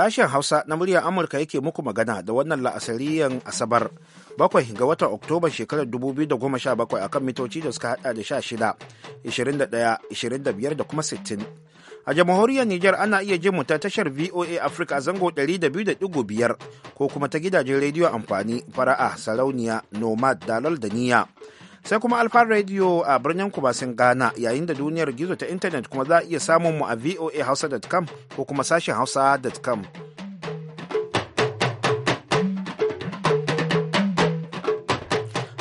Sashen Hausa na muryar Amurka yake muku magana da wannan la'asariyan Asabar bakwai ga watan Oktoba shekarar 2017 a kan mitoci da suka hada da 16, 21, 25 da kuma 60. A jamhuriyar Nijar ana iya jin mu ta tashar VOA Africa zango 200.5 ko kuma ta gidajen rediyo amfani fara'a sarauniya nomad dalal da niyya. sai kuma alfa radio a birnin kubasin ghana yayin da duniyar gizo ta intanet kuma za a iya samun mu a voa hausa.com ko kuma sashen hausa.com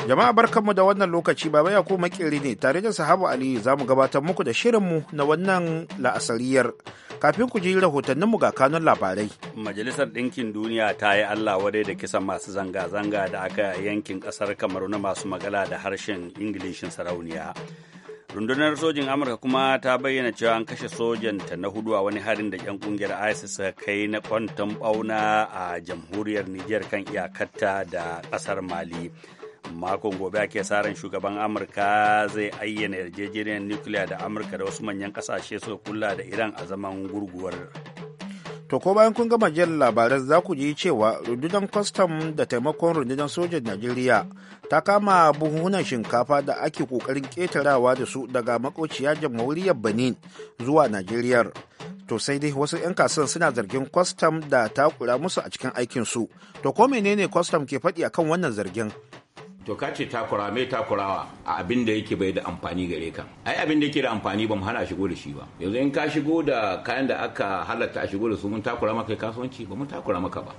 Jama'a barkanmu da wannan lokaci Baba Yakubu Makeri ne tare da Sahabu Ali za mu gabatar muku da shirin mu na wannan la'asariyar. Kafin ku ji rahotanninmu ga kanun labarai. Majalisar Ɗinkin Duniya ta yi Allah wadai da kisan masu zanga-zanga da aka yankin ƙasar kamar na masu magana da harshen Ingilishin sarauniya. rundunar sojin amurka kuma ta bayyana cewa an kashe sojanta na hudu a wani harin da 'yan kungiyar isis suka kai na kwantan bauna a jamhuriyar niger kan iyakarta da ƙasar mali makon gobe ake sa ran shugaban amurka zai ayyana yarjejeniyar nukiliya da amurka da wasu manyan kasashe su kula da iran a zaman gurguwar to ko bayan kun gama jiyar labaran za ku ji cewa rundunar kwastam da taimakon rundunar sojan najeriya ta kama buhunan shinkafa da ake kokarin ketarawa da su daga makociya jamhuriyar benin zuwa najeriya to sai dai wasu 'yan kasuwan suna zargin kwastam da takura musu a cikin aikinsu to ko menene kwastam ke faɗi akan wannan zargin to ka ce takura mai takurawa a abin da yake bai da amfani gare ka ai abin da yake da amfani ba mu hana shigo da shi ba yanzu in ka shigo da kayan da aka halatta a shigo da su mun takura maka kasuwanci ba mu takura maka ba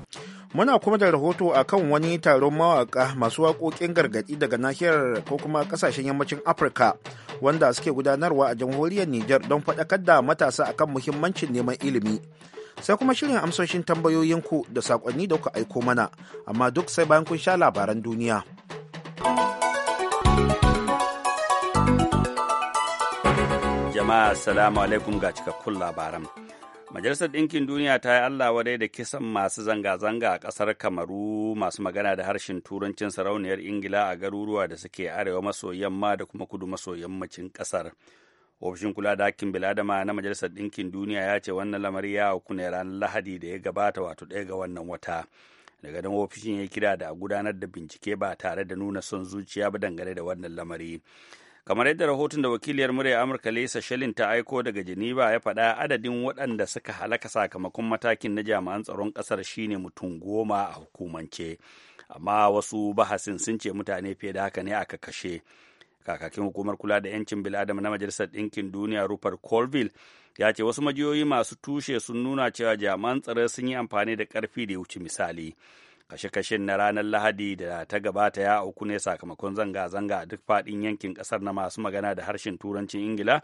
muna kuma da rahoto akan wani taron mawaka masu waƙoƙin gargaɗi daga nahiyar ko kuma ƙasashen yammacin afirka wanda suke gudanarwa a jamhuriyar niger don faɗakar da matasa akan muhimmancin neman ilimi sai kuma shirin amsoshin tambayoyinku da saƙonni da kuka aiko mana amma duk sai bayan kun sha labaran duniya. Jama'a salamu alaikum ga cikakkun labaran. Majalisar Ɗinkin Duniya ta yi Allah wadai da kisan masu zanga-zanga a ƙasar Kamaru masu magana da harshen Turancin sarauniyar Ingila a garuruwa da suke arewa maso yamma da kuma kudu maso yammacin ƙasar. Ofishin kula da hakkin biladama na Majalisar Ɗinkin Duniya ya ce wannan lamari ya auku ne ranar Lahadi da ya gabata wato ɗaya ga wannan wata. daga nan ofishin ya kira da a gudanar da bincike ba tare da nuna son zuciya ba dangane da wannan lamari kamar yadda rahoton da wakiliyar murya amurka Lisa shalin ta aiko daga geneva ya faɗa adadin waɗanda suka halaka sakamakon matakin na jami'an tsaron ƙasar shine mutum goma a hukumance amma wasu bahasin sun ce mutane fiye da haka ne aka kashe kakakin hukumar kula da 'yancin bil'adam na majalisar ɗinkin duniya rupert colville ya ce wasu majiyoyi masu tushe sun nuna cewa jami'an tsaro sun yi amfani da ƙarfi da ya wuce misali kashe-kashen na ranar lahadi da ta gabata ya auku ne sakamakon zanga-zanga a duk faɗin yankin ƙasar na masu magana da harshen turancin ingila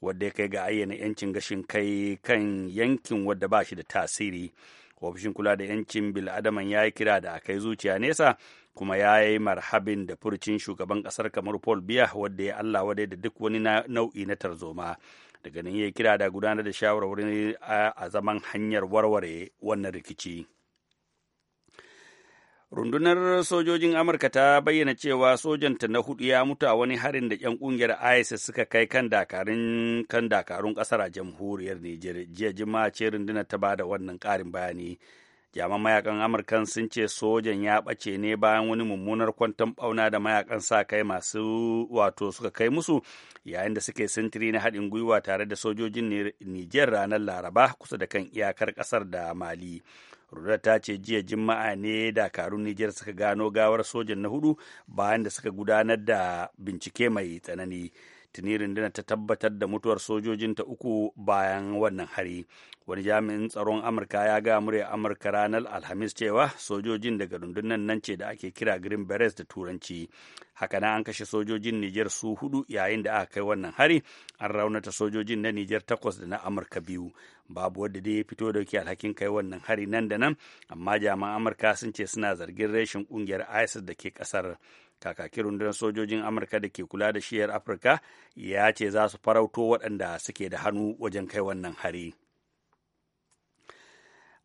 wadda ya kai ga ayyana 'yancin gashin kai kan yankin wadda ba shi da tasiri ofishin kula da 'yancin bil'adaman ya yi kira da a kai zuciya nesa kuma ya yi marhabin da furcin shugaban kasar kamar paul biya wadda ya allah wadai da duk wani nau'i na tarzoma daga nan ya kira da gudanar da shawarwari a zaman hanyar warware wannan rikici. rundunar sojojin amurka ta bayyana cewa sojanta na hudu ya mutu a wani harin da 'yan kungiyar isis suka kai kan dakarun kan dakarun kasar a jamhuriyar niger jiya jima ce rundunar ta bada wannan karin bayani jaman mayakan amurkan sun ce sojan ya ɓace ne bayan wani mummunar kwantan ɓauna da mayakan sa kai masu wato suka kai musu yayin da suke sintiri na haɗin gwiwa tare da sojojin niger ranar laraba kusa da kan iyakar ƙasar da mali rudar ta ce jiya juma'a ne dakarun nijar suka gano gawar sojan na hudu bayan da suka gudanar da bincike mai tsanani tuni rundunar ta tabbatar da mutuwar sojojin ta uku bayan wannan hari wani jami'in tsaron amurka ya ga murya amurka ranar alhamis cewa sojojin daga rundunar nan ce da ake kira green berets da turanci haka na an kashe sojojin niger su hudu yayin da aka kai wannan hari an raunata sojojin na niger takwas da na amurka biyu babu wadda dai ya fito dauki alhakin kai wannan hari nan da nan amma jami'an amurka sun ce suna zargin reshen kungiyar isis da ke kasar kakakin rundunar sojojin amurka da ke kula da shiyar afirka ya ce za su farauto waɗanda suke da hannu wajen kai wannan hari.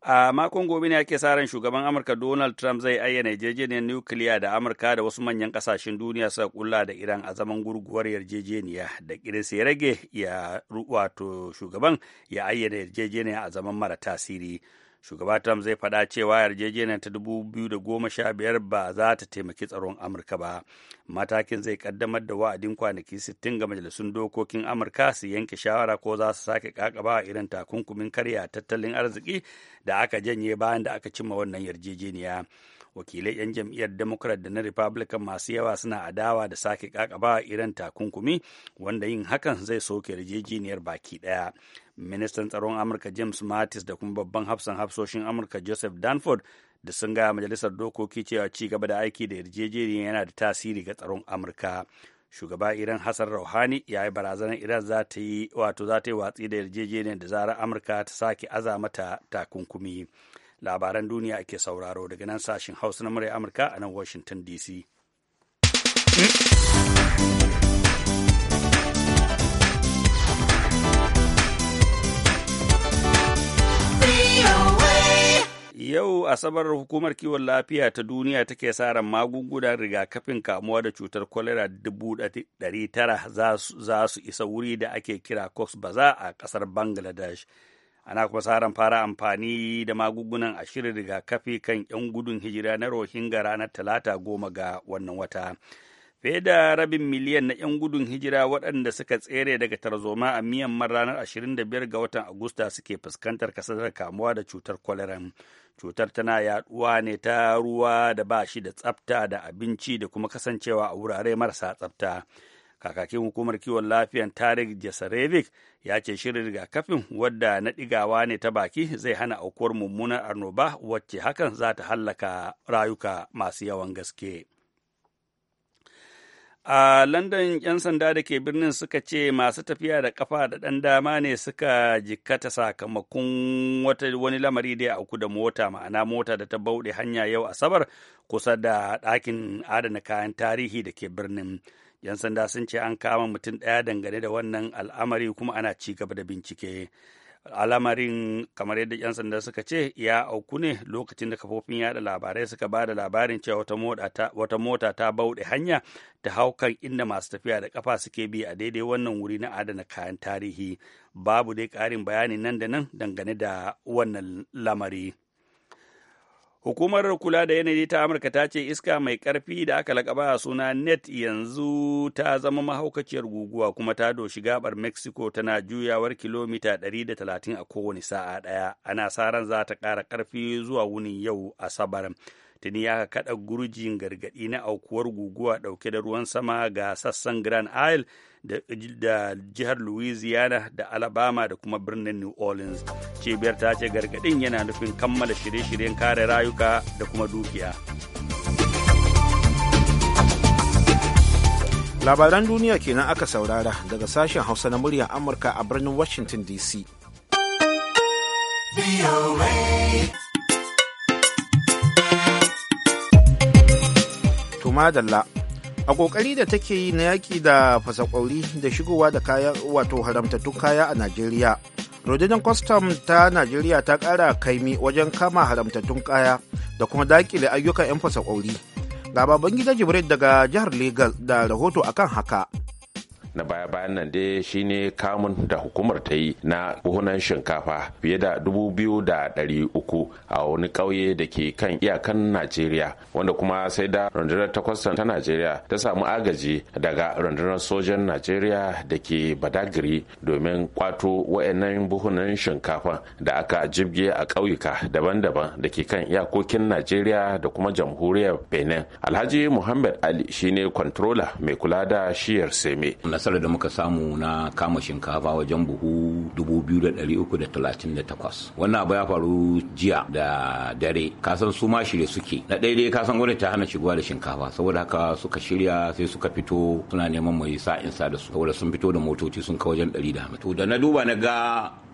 a makon gobe ne ake sa ran shugaban amurka donald trump zai ayyana yarjejeniyar nukiliya da amurka da wasu manyan kasashen duniya suka kulla da iran a zaman gurguwar yarjejeniya da kiris ya rage ya wato shugaban ya ayyana yarjejeniya a zaman mara tasiri shugaba trump zai faɗa cewa yarjejeniyar ta 2015 ba za ta taimaki tsaron amurka ba matakin zai kaddamar da wa'adin kwanaki 60 ga majalisun dokokin amurka su yanke shawara ko za su sake kakaba irin takunkumin karya tattalin arziki da aka janye bayan da aka cimma wannan yarjejeniya wakilai 'yan jam'iyyar democrat da na republican masu yawa suna adawa da sake kakaba irin takunkumi wanda yin hakan zai soke yarjejeniyar baki ɗaya. ministan tsaron amurka james mattis da kuma babban hafsan hafsoshin amurka joseph danford da sun gaya majalisar dokoki cewa ci gaba da aiki da yarjejeniya yana da tasiri ga tsaron amurka shugaba iran hassan rauhani ya yi barazanar iran za ta yi wato za ta yi watsi da yarjejeniyar da zarar amurka ta sake aza mata takunkumi labaran duniya ake sauraro daga nan sashen hausa na murai amurka a nan washington dc Yau Asabar hukumar kiwon lafiya ta duniya take tsara ran magungunan rigakafin kamuwa da cutar kwalera dubu tara za su isa wuri da ake kira Cox Baza a kasar Bangladesh. Ana kuma tsarin fara amfani da magungunan a shirin rigakafi kan 'yan gudun hijira na Rohingya ranar Talata goma ga wannan wata. fiye da rabin miliyan na 'yan gudun hijira waɗanda suka tsere daga tarzoma a miyamman ranar 25 ga watan agusta suke fuskantar kasar kamuwa da cutar kwaleran cutar tana yaɗuwa ne ta ruwa da ba shi da tsafta da abinci da kuma kasancewa a wurare marasa tsafta kakakin hukumar kiwon lafiyan tarik jasarevic ya ce shirin rigakafin wadda na ɗigawa ne ta baki zai hana aukuwar mummunar annoba wacce hakan za ta hallaka rayuka masu yawan gaske. a london 'yan sanda da ke birnin suka ce masu tafiya da kafa da ɗan dama ne suka jikkata sakamakon wani lamari da ya auku da mota ma'ana mota da ta bauɗe hanya yau asabar kusa da ɗakin adana kayan tarihi da ke birnin 'yan sanda sun ce an kama mutum ɗaya dangane da wannan al'amari kuma ana ci gaba da bincike alamarin kamar yadda 'yan sanda suka ce ya auku ne lokacin da kafofin yada labarai suka ba da labarin cewa wata mota ta bauɗe hanya ta haukan inda masu tafiya da kafa suke bi a daidai wannan wuri na adana kayan tarihi babu dai ƙarin bayani nan da nan dangane da wannan lamari. Hukumar kula da yanayi ta Amurka ta ce iska mai ƙarfi da aka lakaba a suna net yanzu ta zama mahaukaciyar guguwa kuma ta doshi gabar Mexico tana juyawar kilomita 130 a kowane sa'a ɗaya. Ana sa ran za ta ƙara ƙarfi zuwa wunin yau Asabar. Tuni ya kaɗa gurjin gargaɗi na aukuwar guguwa ɗauke da ruwan sama ga sassan Grand Isle da jihar louisiana da alabama da kuma birnin new orleans cibiyar ta ce gargadin yana nufin kammala shirye-shiryen kare rayuka da kuma dukiya labaran duniya kenan aka saurara daga sashen hausa na muryar amurka a birnin washington dc madalla a kokari da take yi na yaki da fasakwauri da shigowa da kaya wato haramtattun kaya a najeriya rundunar kwastam ta najeriya ta kara kaimi wajen kama haramtattun kaya da kuma dakile ayyukan 'yan fasakwauri ga baban gida jibril daga jihar legas da rahoto akan haka na baya bayan nan dai shine kamun da hukumar ta yi na buhunan shinkafa fiye da dubu biyu da ɗari uku a wani ƙauye da ke kan iyakan najeriya wanda kuma sai da rundunar takwas ta najeriya ta samu agaji daga rundunar sojan najeriya da ke badagiri domin kwato wa'annan buhunan shinkafa da aka jibge a ƙauyuka daban-daban da ke kan iyakokin najeriya da kuma jamhuriyar benin alhaji muhammad ali shine kwantrola mai kula da shiyar seme nasarar da muka samu na kama shinkafa wajen buhu 2,338 wannan abu ya faru jiya da dare kasan su ma shirye suke na dai kasan gwamnati ta hana shigowa da shinkafa saboda haka suka shirya sai suka fito suna neman mai sa'in sa'insa da su saboda sun fito da motoci sun kawo wajen 100 to da na duba na ga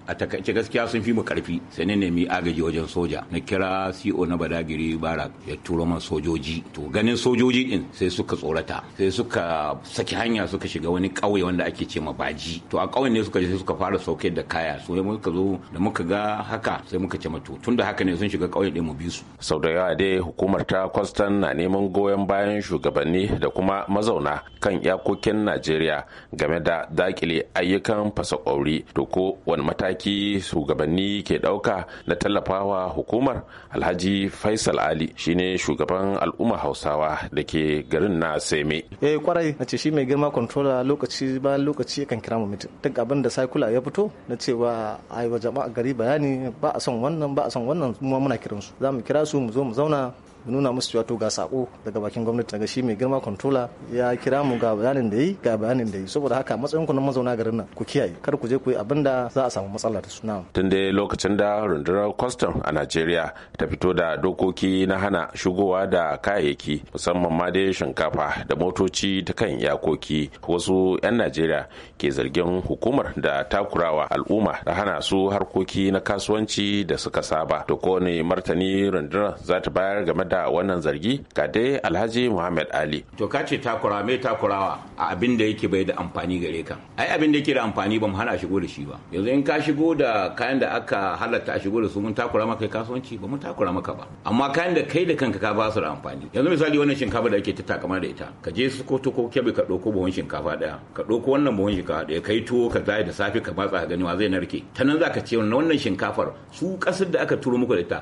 a takaice gaskiya sun fi mu karfi sai na nemi agaji wajen soja na kira CO na Badagiri Barak ya turo man sojoji to ganin sojoji din sai suka tsorata sai suka saki hanya suka shiga wani kauye wanda ake ce ma baji to a kauyen ne suka je suka fara sauke da kaya so muka zo da muka ga haka sai muka ce mato tunda haka ne sun shiga kauyen din mu bi su sau da yawa dai hukumar ta kwastan na neman goyon bayan shugabanni da kuma mazauna kan iyakokin Najeriya game da dakile ayyukan fasa kwauri to ko wani mataki mataki shugabanni ke ɗauka na tallafawa hukumar alhaji faisal ali shine shugaban al'umma hausawa da ke garin na seme eh kwarai na ce shi mai girma controller lokaci bayan lokaci kan kira mu mutum duk abin da cycle ya fito na cewa ai wa jama'a gari bayani ba a son wannan ba a son wannan muna kiransu za mu kira su mu zo mu zauna nuna musu cewa ga sako daga bakin gwamnati daga shi mai girma controller ya kira mu ga bayanin da yi ga bayanin da yi saboda haka matsayin ku na mazauna garin nan ku kiyaye kar ku je ku yi abin da za a samu matsala da suna. tun dai lokacin da rundunar custom a Najeriya ta fito da dokoki na hana shigowa da kayayyaki musamman ma dai shinkafa da motoci ta kan yakoki wasu 'yan Najeriya ke zargin hukumar da takurawa al'umma da hana su harkoki na kasuwanci da suka saba da kowane martani rundunar za ta bayar game da wannan zargi ga dai alhaji muhammad ali to ka ce takura mai takurawa a abin da yake bai da amfani gare ka ai abin da yake da amfani ba mu hana shigo da shi ba yanzu in ka shigo da kayan da aka halatta a shigo da su mun takura maka kasuwanci ba mu takura maka ba amma kayan da kai da kanka ka ba su da amfani yanzu misali wannan shinkafa da ake ta takama da ita ka je su koto ko kebe ka ɗauko buhun shinkafa ɗaya ka ɗauko wannan buhun shinkafa ɗaya kai tuwo ka zai da safe ka matsa ka gani wa zai narke ta nan za ka ce wannan shinkafar su kasar da aka turo muku da ita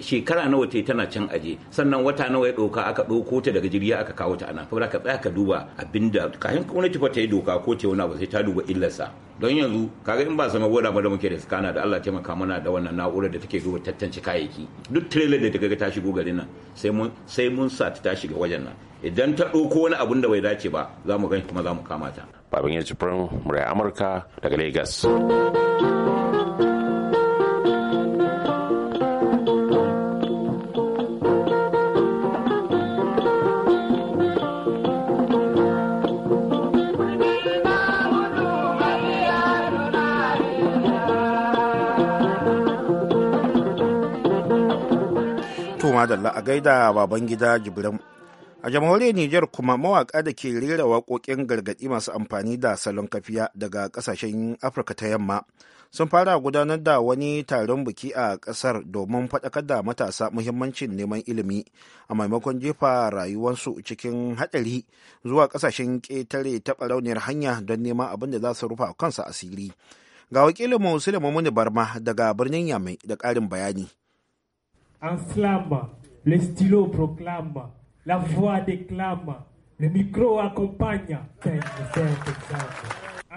shekara nawa ta tana can aje sannan wata nawa ya doka aka ɗauko ta daga jirgi aka kawo ta ana fa ka tsaya ka duba da kafin kuma fa ta yi doka ko ta wani abu sai ta duba illarsa don yanzu kaga in ba sama wura ba da muke da skana da Allah taimaka mana da wannan na'urar da take duba tantance kayayyaki duk trailer da ga ta shigo garin nan sai mun sai mun sa ta shiga wajen nan idan ta ɗauko wani abun da bai dace ba za mu gani kuma za mu kama ta. Babin ya ci Amurka daga Lagos. madalla a gaida baban gida jibrin a jamhuriyar niger kuma mawaka da ke rera waƙoƙin gargaɗi masu amfani da salon kafiya daga ƙasashen afirka ta yamma sun fara gudanar da wani taron biki a ƙasar domin faɗakar da matasa muhimmancin neman ilimi a maimakon jefa rayuwarsu cikin haɗari zuwa ƙasashen ƙetare ta ɓarauniyar hanya don neman abin da za su rufa kansa asiri ga wakilinmu sulaiman muni barma daga birnin yamai da ƙarin bayani enflamme, le stylo proclame, la voix déclame, le micro accompagne.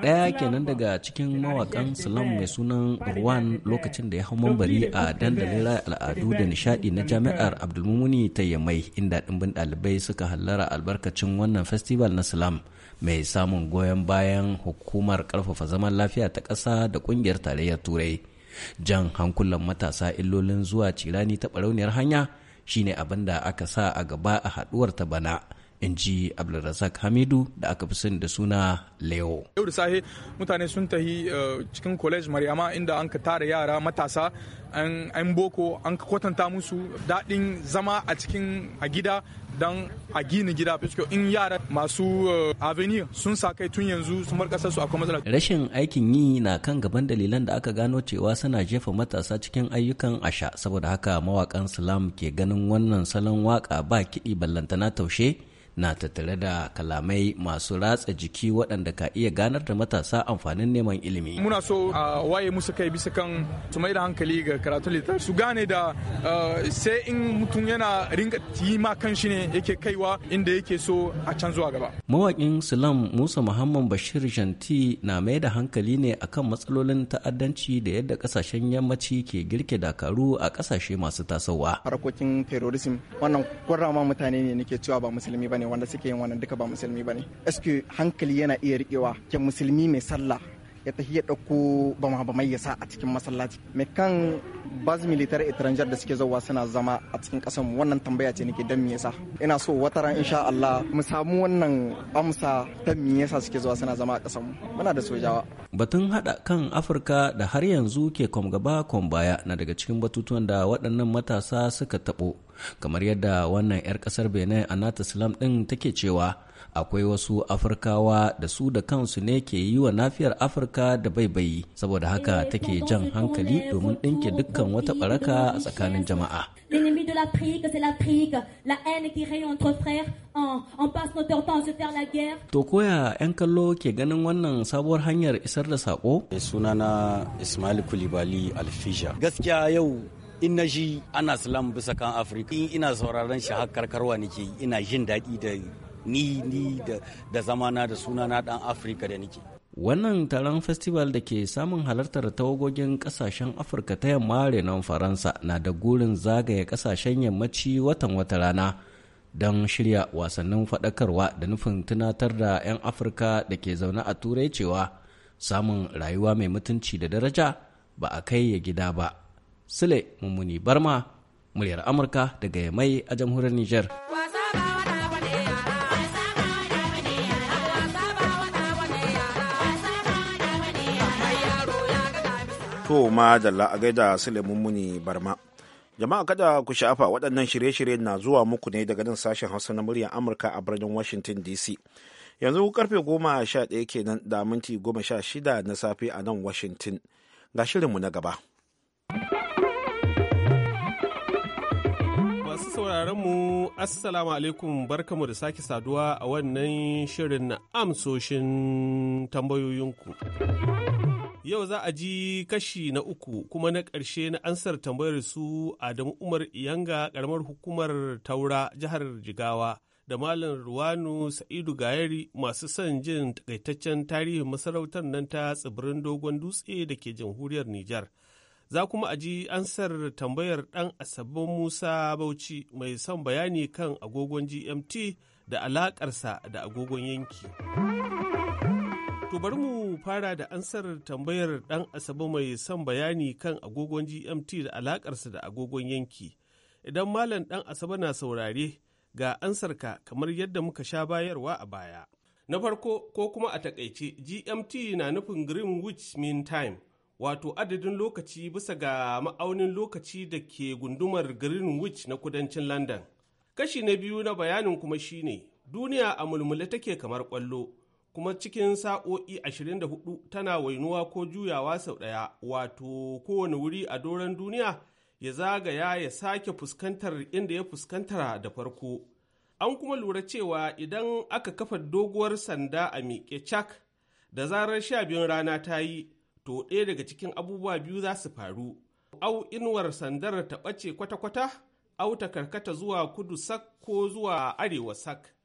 Ɗaya kenan daga cikin mawakan salam mai sunan Ruwan lokacin da ya hau mambari a dandalin raya al'adu da nishadi na jami'ar Abdulmumuni ta Yamai inda ɗimbin ɗalibai suka hallara albarkacin wannan festival na salam mai samun goyon bayan hukumar ƙarfafa zaman lafiya ta ƙasa da ƙungiyar tarayyar Turai. jan hankulan matasa illolin zuwa cirani ta barauniyar hanya shine abin da aka sa a gaba a haduwar ta bana in ji abdulrazak hamidu da aka fi sani da suna leo yau da sahe mutane sun tahi eh, cikin college mariama inda an ka tara yara matasa an boko an ka kwatanta musu daɗin zama a cikin a gida don a gini gida fiske in yara masu eh, avenir sun sa kai tun yanzu su bar su akwai matsala rashin aikin yi na kan gaban dalilan da aka gano cewa suna jefa matasa cikin ayyukan asha saboda haka mawakan slam ke ganin wannan salon waka ba kiɗi ballantana taushe na tattare da kalamai masu ratsa jiki waɗanda ka iya ganar da matasa amfanin neman ilimi. Muna so a waye musu kai bisa kan su mai da hankali ga karatun littafi su gane da eh, sai in mutum yana ringa yi ma kan shi ne yake kaiwa inda yake so a can zuwa gaba. mawakin Sulam Musa Muhammad Bashir Janti na mai da hankali ne akan matsalolin ta'addanci da yadda kasashen yammaci ke girke dakaru a kasashe masu tasowa. Harkokin terrorism wannan kwarrama mutane ne nake cewa ba musulmi bane wanda suke yin wannan duka ba musulmi ne. eske hankali yana iya riƙewa ke musulmi mai sallah ya tafi ya ɗauko bama bamai ya sa a cikin masallaci mai kan bas militar itranjar da suke zauwa suna zama a cikin mu wannan tambaya ce nake dan me yasa ina so wata ran insha Allah mu samu wannan amsa ta me yasa suke zuwa suna zama a mu muna da sojawa batun hada kan Afirka da har yanzu ke kom gaba kom baya na daga cikin batutuwan da waɗannan matasa suka taɓo kamar yadda wannan 'yar ƙasar Benin Anata Slam ɗin take cewa akwai wasu afirkawa da su da kansu ne ke yi wa nafiyar afirka da bai bai saboda haka take jan hankali domin ɗinke dukkan wata baraka a tsakanin jama'a to koya 'yan kallo ke ganin wannan sabuwar hanyar isar da sako sunana ismail kulibali alfisha gaskiya yau in na ji ana salam bisa kan afirka in ina sauraron shi har karkarwa nake ina jin daɗi da ni ni da zamana da suna na dan afirka da nike wannan taron festival da ke samun halartar tawagogin kasashen afirka ta yamma renon faransa na da gurin zagaya kasashen yammaci watan wata rana don shirya wasannin faɗakarwa da nufin tunatar da 'yan afirka da ke zaune a turai cewa samun rayuwa mai mutunci da daraja ba a kai ya gida ba sule mummuni barma muryar amurka daga mai a jamhuriyar niger To ma da la'agaida sulemin Muni Barma. Jama'a kada ku sha'afa waɗannan shirye-shirye na zuwa muku ne daga nan sashen Hausa na muryar Amurka a birnin Washington DC. Yanzu karfe goma sha ɗaya kenan da minti goma sha shida na safe a nan Washington. Ga shirinmu na gaba. Masu sauraron mu Assalamu alaikum barkamu da sake saduwa a wannan shirin amsoshin tambayoyinku. Yau za a ji kashi na uku kuma na ƙarshe na ansar tambayar su Adamu Umar Iyanga ƙaramar hukumar Taura jihar Jigawa da Malam Ruwanu Sa'idu Gayari masu son jin takaitaccen tarihin masarautar nan ta tsibirin dogon dutse da ke jamhuriyar Nijar. za kuma a ji ansar tambayar ɗan asabin Musa Bauchi mai son bayani kan agogon GMT da alaƙarsa da agogon yanki. To bari mu fara da ansar tambayar ɗan asabe mai son bayani kan agogon GMT da alakarsa da agogon yanki. Idan malam ɗan asabe na saurare ga ansarka kamar yadda muka sha bayarwa a baya. Na farko ko kuma a takaice GMT na nufin Greenwich Mean Time wato adadin lokaci bisa ga ma'aunin lokaci da ke gundumar Greenwich na kudancin London. Kashi na biyu na bayanin kuma shine duniya a mulmule take kamar kwallo. kuma cikin sa'o'i 24 tana wainuwa ko juyawa sau ɗaya wato kowane wuri a doron duniya ya zagaya ya sake fuskantar inda ya fuskantara da farko. An kuma lura cewa idan aka kafa doguwar sanda a miƙe cak da zarar sha biyun rana ta yi, to ɗaya daga cikin abubuwa biyu za su faru. Au inuwar sandar ta ɓace kwata-kwata, au ta karkata zuwa kudu sak ko zuwa arewa sak.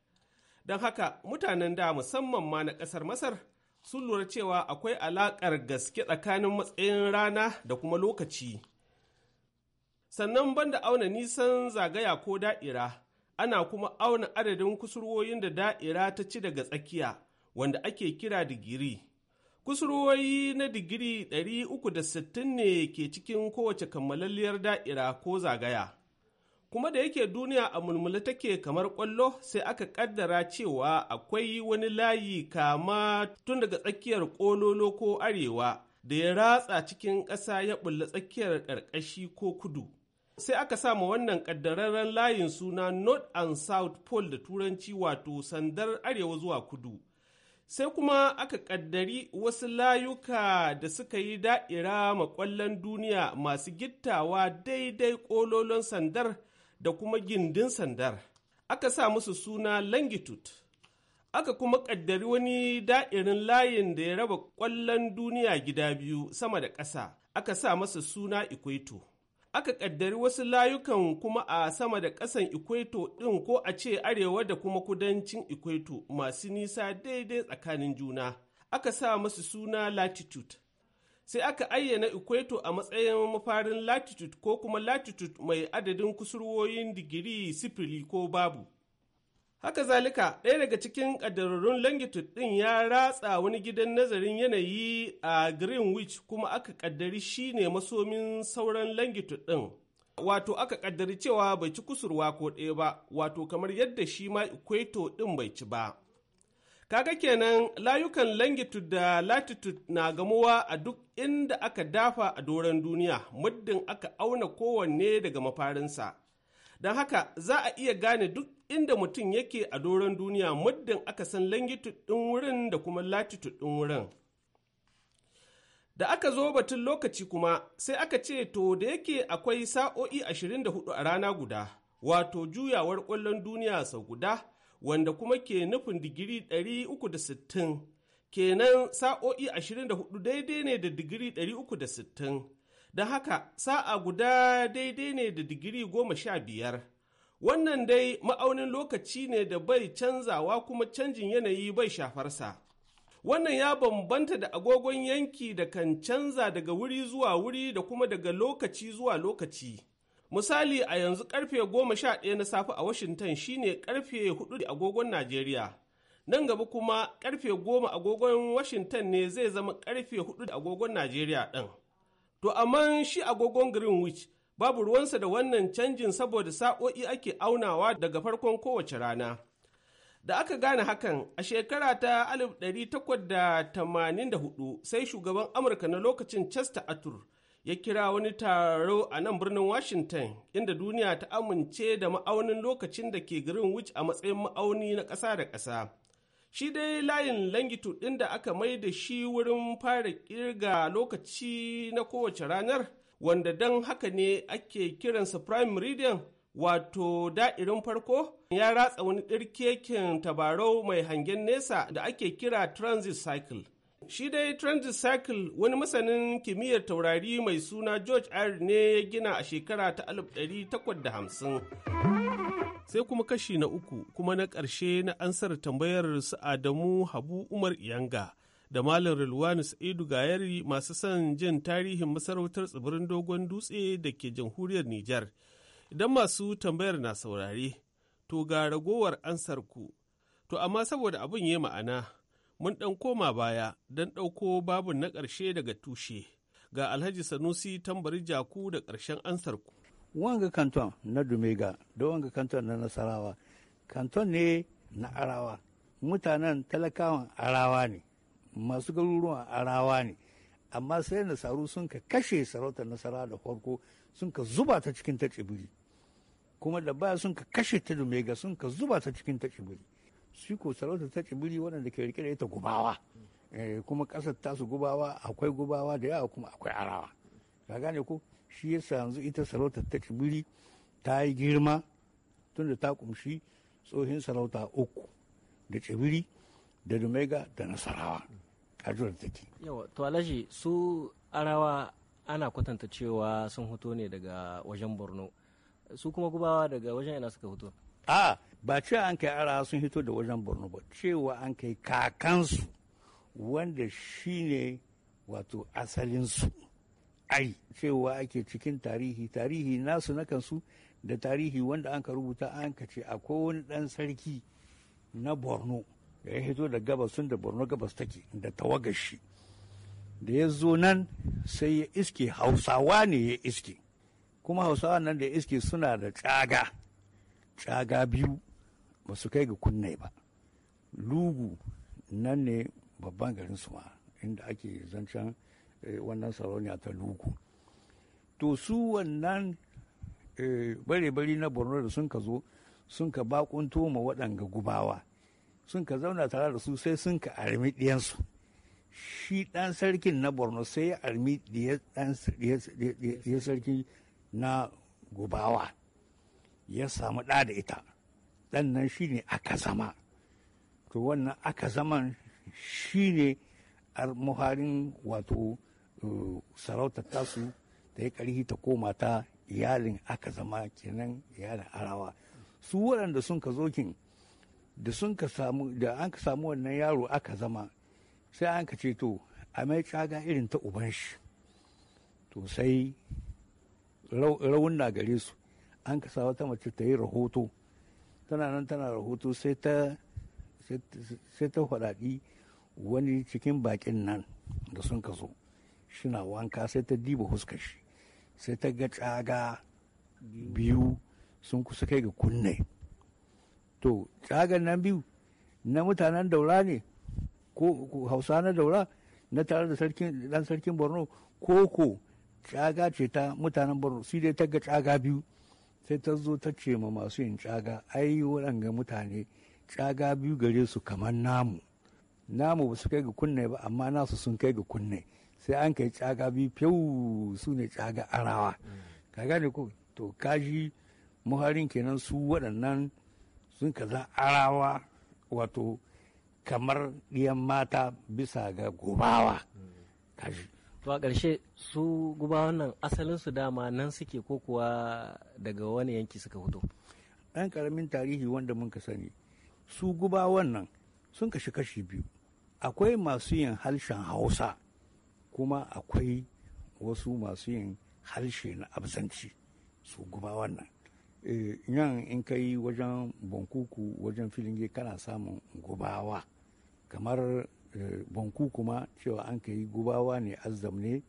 Don haka mutanen da musamman ma na ƙasar Masar sun lura cewa akwai alaƙar gaske tsakanin matsayin rana da kuma lokaci. Sannan banda auna nisan zagaya ko da'ira, ana kuma auna adadin kusurwoyin da da'ira ta ci daga tsakiya, wanda ake kira digiri. Kusurwoyi na digiri 360 ne ke cikin kowace kammalalliyar da'ira ko zagaya. kuma da yake duniya a mulmula take kamar kwallo sai aka kaddara cewa akwai wani layi kama tun daga tsakiyar kololo ko arewa da ya ratsa cikin ƙasa ya bulla tsakiyar ƙarƙashi ko kudu sai aka sama wannan kaddararren layin suna north and south pole da turanci wato sandar arewa zuwa kudu sai kuma aka ƙaddari wasu layuka da suka yi da'ira makwallon duniya masu gittawa daidai ƙololon sandar da kuma gindin sandar aka sa musu suna longitude aka kuma kaddari wani da'irin layin da ya raba ƙwallon duniya gida biyu sama da ƙasa aka sa masa suna equator aka kaddari wasu layukan kuma a sama da ƙasan equator ɗin ko a ce arewa da kuma kudancin equator masu nisa daidai tsakanin juna aka sa masu suna latitude sai aka ayyana equator a matsayin mafarin latitude ko kuma latitude mai adadin kusurwoyin digiri sifili ko babu. Haka zalika ɗaya daga cikin ƙaddararrun longitude ɗin ya ratsa wani gidan nazarin yanayi a Greenwich kuma aka ƙaddari shi ne masomin sauran longitude ɗin. Wato aka ƙaddari cewa bai ci kusurwa ko ɗaya ba, wato kamar yadda shi ma equator ɗin bai ci ba. Kaga kenan layukan longitude da latitude na gamuwa a duk inda aka dafa a doron duniya muddin aka auna kowanne daga mafarinsa. Don haka za a iya gane duk inda mutum yake a doron duniya muddin aka san longitude ɗin wurin da kuma latitude ɗin wurin. Da aka zo batun lokaci kuma sai aka ce to da yake akwai sa'o'i 24 a rana guda, wato juyawar ƙwallon duniya sau guda. wanda kuma ke nufin digiri 360 kenan sa'o'i 24 daidai ne da digiri 360 don haka sa'a guda daidai ne da digiri 15 wannan dai ma'aunin lokaci ne da bai canzawa kuma canjin yanayi bai shafarsa wannan ya bambanta da agogon yanki da kan canza daga wuri zuwa wuri da kuma daga lokaci zuwa lokaci Misali a yanzu karfe 11 na safe a Washington shine karfe 4 agogon Najeriya. Nan gaba kuma karfe 10 agogon Washington ne zai zama karfe 4 agogon Najeriya ɗin. To amma shi agogon Greenwich babu ruwansa da wannan canjin saboda sa'o'i ake aunawa daga farkon kowace rana. Da aka gane hakan a shekara ta 1884 sai shugaban Amurka na lokacin Chester Arthur ya kira wani taro a nan birnin Washington inda duniya ta amince da ma'aunin lokacin da ke Greenwich a matsayin ma'auni na ƙasa da ƙasa. Shi dai layin langitu ɗin da aka mai da shi wurin fara ƙirga lokaci na kowace ranar, wanda don haka ne ake kiransa prime meridian wato da'irin farko ya ratsa wani ɗirkekin tabarau mai hangen nesa da ake kira transit cycle. Shi dai Transit Cycle wani masanin kimiyyar taurari mai suna George R ne ya gina a shekara ta 1850. Sai kuma kashi na uku kuma na ƙarshe na ansar tambayar su Adamu Habu Umar Iyanga da Malam Rilwanu Sa'idu Gayari masu son jin tarihin masarautar tsibirin Dogon Dutse da ke jamhuriyar Nijar. Idan masu tambayar na saurare, to ga ragowar ansar ku. To amma saboda abin ya ma'ana. mun ɗan koma baya don ɗauko babu na ƙarshe daga tushe ga alhaji sanusi tambari jaku da ƙarshen ansarku. wanga kanton na dumega da wanga kanton na nasarawa kanton ne na arawa mutanen talakawan arawa ne masu garuruwan arawa ne amma sai nasaru sun ka kashe sarautar nasara da farko sun ka zuba ta cikin ta kuma da baya sun ka kashe ta dumega sun ka zuba ta cikin ta shi ko sarauta ta tsibiri waɗanda ke rike da ita gubawa eh, kuma ƙasar tasu gubawa akwai gubawa da yawa kuma akwai arawa ka gane ko shi yasa yanzu ita sarautar ta tsibiri ta yi girma tunda ta kumshi tsohin sarauta uku da tsibiri da dumega da nasarawa kajuwar take yawa to alaji su arawa ana kwatanta cewa sun hoto ne daga wajen borno su kuma gubawa daga wajen ina suka hoto a ah, ba cewa an kai ara sun hito da wajen borno ba cewa an kai kakansu wanda shine wato asalinsu ai cewa ake cikin tarihi tarihi nasu na kansu da tarihi wanda an ka rubuta an ka ce akwai wani ɗan sarki na borno ya hito da gabas da borno gabas take da tawagashi da ya zo nan sai ya iske hausawa ne ya iske kuma hausawa nan da ya iske suna da caga caga biyu ba su kai ga kunne ba lugu nan ne babban garin ma inda ake zancen eh, wannan sarauniya ta lugu to su wannan bare eh, bare na borno da sun ka zo sun ka bakunto ma waɗanga gubawa sun ka zauna tare da su sai sun ka armi ɗiyansu shi ɗan sarkin na borno sai ya armi ɗiya sarki na gubawa ya samu ɗa da ita Ɗannan nan shi ne aka zama to wannan aka zaman shi ne muharin wato uh, sarautar tasu ta yi ƙarfi ta koma ta iyalin aka zama kenan iyalin arawa su waɗanda sun ka zokin da sun ka samu da an ka samu wannan yaro aka zama sai an ka ce to a mai caga irin ta uban shi to sai raun na gare su an ka sa wata mace ta yi rahoto tana nan tana rahoto sai ta sai ta faɗaɗi wani cikin bakin nan da sun kaso shina wanka sai ta diba huskar shi sai ta ga tsaga biyu sun kusa kai ga kunne to tsagan nan biyu na mutanen daura ne ko hausa na daura na tare da dan sarkin borno ko ko tsaga ce ta mutanen borno sai dai ta ga tsaga biyu sai ta zo ta ce ma masu yin caga ai waɗanga mutane caga biyu gare su kamar namu namu ba su kai ga kunne ba amma nasu sun kai ga kunne sai an kai caga biyu fiyu su ne caga arawa ka gane ko to kaji muharin kenan su waɗannan sun kaza arawa wato kamar ɗiyan mata bisa ga gobawa kaji to a ƙarshe su guba wannan asalin su dama nan suke ko kuwa daga wani yanki suka fito ɗan ƙaramin tarihi wanda mun ka sani su guba wannan sun kashi kashi biyu akwai masu yin harshen hausa kuma akwai wasu masu yin harshe na absanci su guba wannan yan eh, in ka yi wajen bankuku wajen filin kana samun gubawa kamar Eh, banku kuma cewa an ka yi gubawa ne azam ne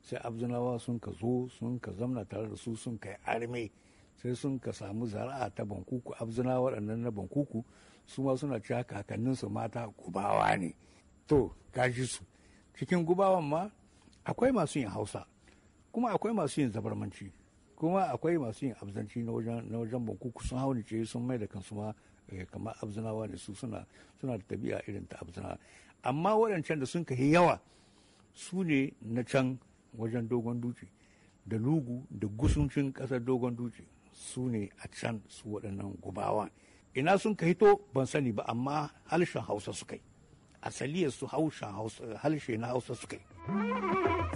sai abdunawa sun ka zo sun ka zamna tare da su sun ka arme sai sun ka samu zara'a ta bankuku abzina waɗannan na bankuku su ma suna cewa su mata gubawa ne to ji su cikin gubawan ma akwai masu yin hausa kuma akwai masu yin zabarmanci kuma akwai masu yin abzanci na wajen bankuku sun haunice sun mai da kansu ma eh, kamar abzinawa ne su suna da tabi'a irin ta abzinawa amma waɗancan da sun kai yawa su ne na can wajen dogon dutse da lugu da gusuncin ƙasar dogon dutse su ne a can su waɗannan gubawa ina sun ka hito ban sani ba amma halshen hausa su kai asaliyar su halshe na hausa su kai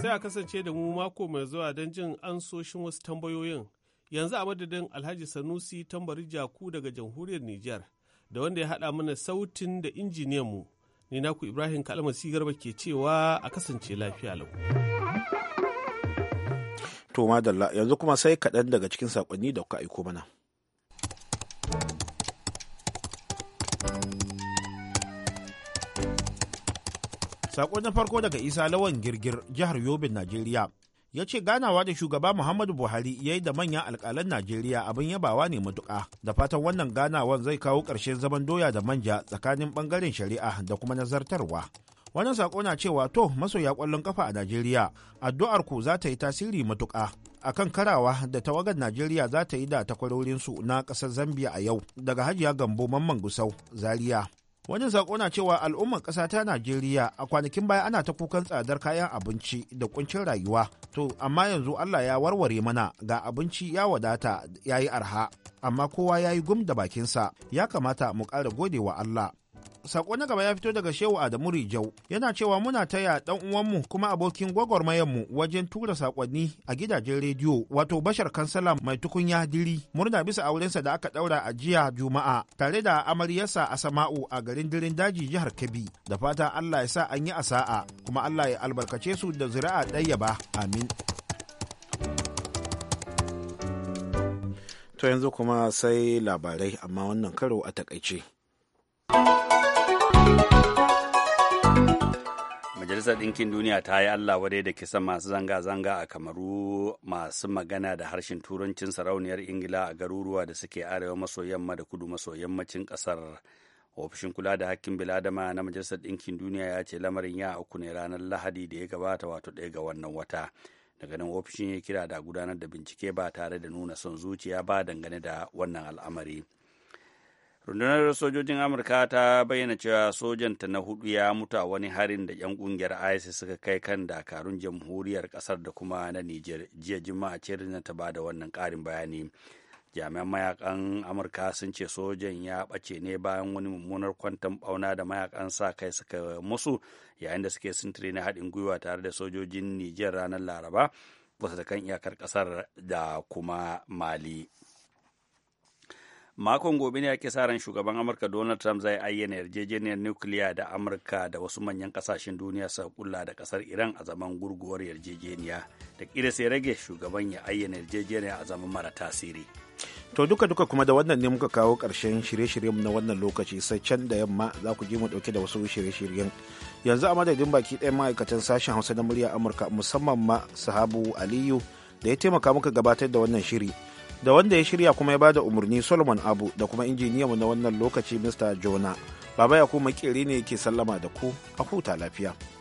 sai a kasance da mu mako mai zuwa don jin ansoshin wasu tambayoyin yanzu a madadin alhaji sanusi tambari jaku daga jamhuriyar nijar da wanda ya haɗa mana sautin da injiniyan mu Ni naku Ibrahim Kalmasi Garba ke cewa a kasance lafiya lau. To madalla yanzu kuma sai kaɗan daga cikin saƙonni da kuka aiko mana. saƙon na farko daga Isa Lawan Girgir, jihar Yobin, Najeriya. ya ce ganawa da shugaba muhammadu buhari ya yi da manyan alkalan najeriya abin yabawa ne matuƙa da fatan wannan ganawan zai kawo ƙarshen zaman doya da manja tsakanin ɓangaren shari'a da kuma nazartarwa wannan sako na cewa to masoya ƙwallon kafa a najeriya addu'ar ku za ta yi tasiri matuƙa A kan karawa da tawagar najeriya za ta yi da takwarorinsu na ƙasar zambia a yau daga hajiya gambo mamman gusau zaria Wani sako na cewa al'ummar ƙasa ta Najeriya a kwanakin baya ana ta kukan tsadar kayan abinci da kuncin rayuwa. To, amma yanzu Allah ya warware mana ga abinci ya wadata ya yi arha, amma kowa ya yi gum da bakinsa, ya kamata mu ƙara gode wa Allah. Sako na gaba ya fito daga Shehu Adamu Rijau yana cewa muna taya dan uwanmu kuma abokin mu wajen tura sakonni a gidajen rediyo wato Bashar Kansala mai tukunya diri murna bisa aurensa da aka daura a jiya Juma'a tare da amaryarsa a sama'u a garin Dirin Daji jihar Kebbi da fata Allah ya sa an yi a sa'a kuma Allah ya albarkace su da zuri'a ɗayyaba amin. To yanzu kuma sai labarai amma wannan karo a takaice. Majalisar Ɗinkin Duniya ta yi Allah wadai da kisan masu zanga-zanga a kamaru masu magana da harshen turancin sarauniyar Ingila a garuruwa da suke arewa maso yamma da kudu maso yammacin ƙasar. Ofishin kula da hakkin biladama na Majalisar Ɗinkin Duniya ya ce lamarin ya uku ne ranar Lahadi da ya gabata wato ɗaya ga wannan wata. Daga nan ofishin ya kira da gudanar da bincike ba tare da nuna son zuciya ba dangane da wannan al'amari. rundunar sojojin amurka ta bayyana cewa sojanta na hudu ya mutu a wani harin da 'yan kungiyar isis suka kai kan dakarun jamhuriyar kasar da kuma na niger jiya juma'a ce ta ba da wannan karin bayani jami'an mayakan amurka sun ce sojan ya bace ne bayan wani mummunar kwantan ɓauna da mayakan sa kai suka musu yayin da suke sintiri na haɗin gwiwa tare da sojojin niger ranar laraba wasu da kan iyakar kasar da kuma mali makon gobe ne ake sa ran shugaban amurka donald trump zai ayyana yarjejeniyar nukiliya da amurka da wasu manyan kasashen duniya su kula da kasar iran a zaman gurguwar yarjejeniya da kira sai rage shugaban ya ayyana yarjejeniya a zaman mara tasiri to duka duka kuma da wannan ne muka kawo karshen shirye-shiryen na wannan lokaci sai can da yamma za ku ji mu dauke da wasu shirye-shiryen yanzu a madadin baki ɗaya ma'aikatan sashen hausa na murya amurka musamman ma sahabu aliyu da ya taimaka muka gabatar da wannan shiri da wanda ya shirya kuma ya bada umarni solomon abu da kuma mu na wannan lokaci mr jona baba ya kuma ne ke sallama da ku a huta lafiya